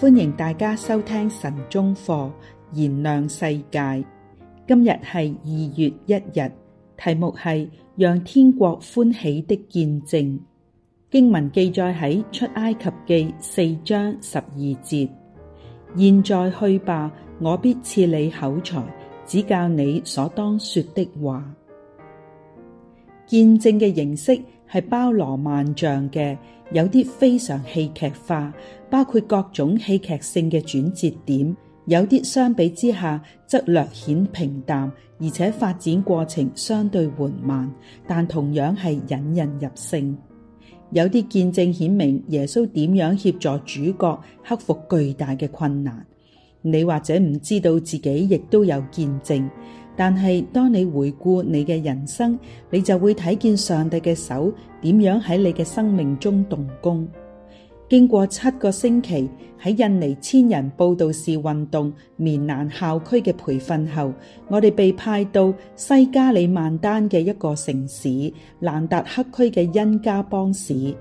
歡迎大家收聽晨鐘課，燃亮世界。今日係二月一日，題目係讓天國歡喜的見證。經文記載喺出埃及記四章十二節。現在去吧，我必賜你口才，指教你所當說的話。見證嘅形式，係包羅萬象嘅，有啲非常戲劇化，包括各種戲劇性嘅轉折點；有啲相比之下則略顯平淡，而且發展過程相對緩慢，但同樣係引人入勝。有啲見證顯明耶穌點樣協助主角克服巨大嘅困難。你或者唔知道自己亦都有見證。但係，當你回顧你嘅人生，你就會睇見上帝嘅手點樣喺你嘅生命中動工。經過七個星期喺印尼千人佈道士運動棉蘭校區嘅培訓後，我哋被派到西加里曼丹嘅一個城市，蘭達克區嘅恩加邦市。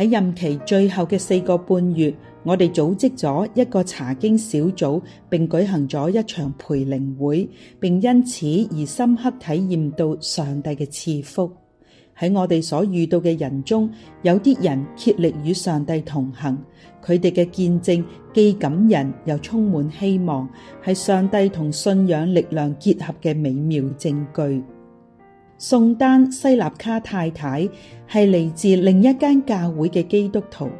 在任期最後的四個半月，我們組織了一個查經小組，並舉行了一場培靈會，並因此而深刻體驗到上帝的賜福。在我們所遇到的人中，有些人竭力與上帝同行,他們的見證既感人又充滿希望,是上帝和信仰力量結合的美妙證據。宋丹西納卡太太係嚟自另一間教會嘅基督徒，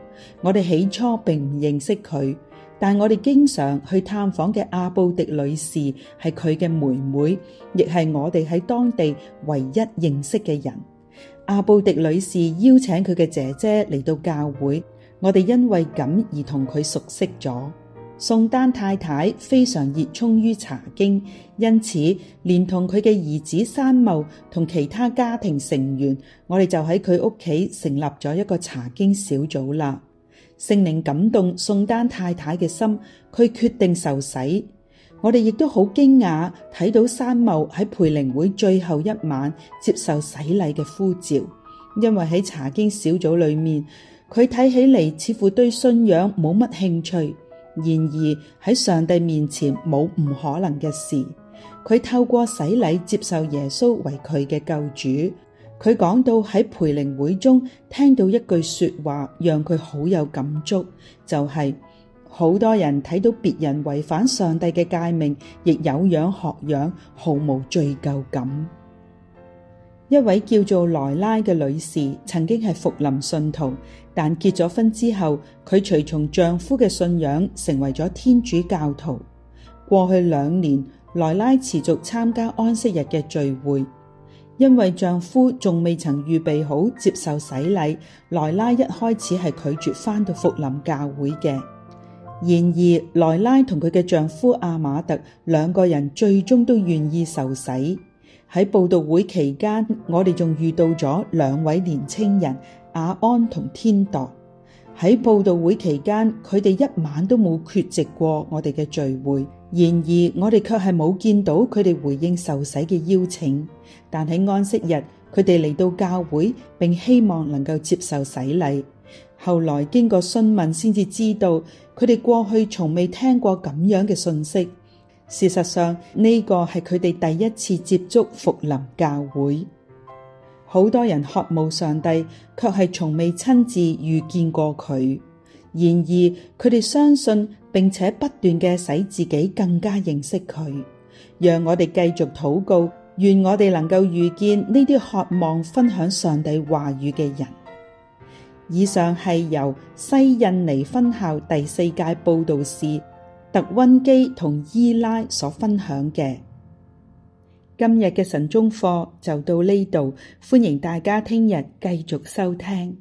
我哋起初並唔認識佢，但我哋經常去探訪嘅阿布迪女士係佢嘅妹妹，亦係我哋喺當地唯一認識嘅人。阿布迪女士邀請佢嘅姐姐嚟到教會，我哋因為咁而同佢熟悉咗。宋丹太太非常熱衷於查經，因此連同佢嘅兒子山茂同其他家庭成員，我哋就喺佢屋企成立咗一個查經小組啦。聖靈感動宋丹太太嘅心，佢決定受洗。我哋亦都好驚訝睇到山茂喺培靈會最後一晚接受洗禮嘅呼召，因為喺查經小組裏面，佢睇起嚟，似乎對信仰冇乜興趣。然而喺上帝面前冇唔可能嘅事，佢透過洗禮接受耶穌為佢嘅救主。佢講到喺培靈會中聽到一句說話，讓佢好有感觸，就係、是、好多人睇到別人違反上帝嘅誡命，亦有樣學樣，毫無罪疚感。一位叫做萊拉嘅女士，曾經係福林信徒，但結咗婚之後，佢隨從丈夫嘅信仰成為咗天主教徒。過去兩年，萊拉持續參加安息日嘅聚會，因為丈夫仲未曾預備好接受洗禮，萊拉一開始係拒絕翻到福林教會嘅。然而，萊拉同佢嘅丈夫阿瑪特兩個人最終都願意受洗。喺佈道會期間，我哋仲遇到咗兩位年青人阿安同天鐸。喺佈道會期間，佢哋一晚都冇缺席過我哋嘅聚會。然而，我哋卻係冇見到佢哋回應受洗嘅邀請。但喺安息日，佢哋嚟到教會，並希望能夠接受洗禮。後來經過詢問，先至知道佢哋過去從未聽過咁樣嘅信息。事實上，呢、這個係佢哋第一次接觸復臨教會。好多人渴慕上帝，卻係從未親自遇見過佢。然而，佢哋相信並且不斷嘅使自己更加認識佢。讓我哋繼續禱告，願我哋能夠遇見呢啲渴望分享上帝話語嘅人。以上係由西印尼分校第四屆佈道士。特温基同伊拉所分享嘅今日嘅晨鐘課就到呢度，歡迎大家聽日繼續收聽。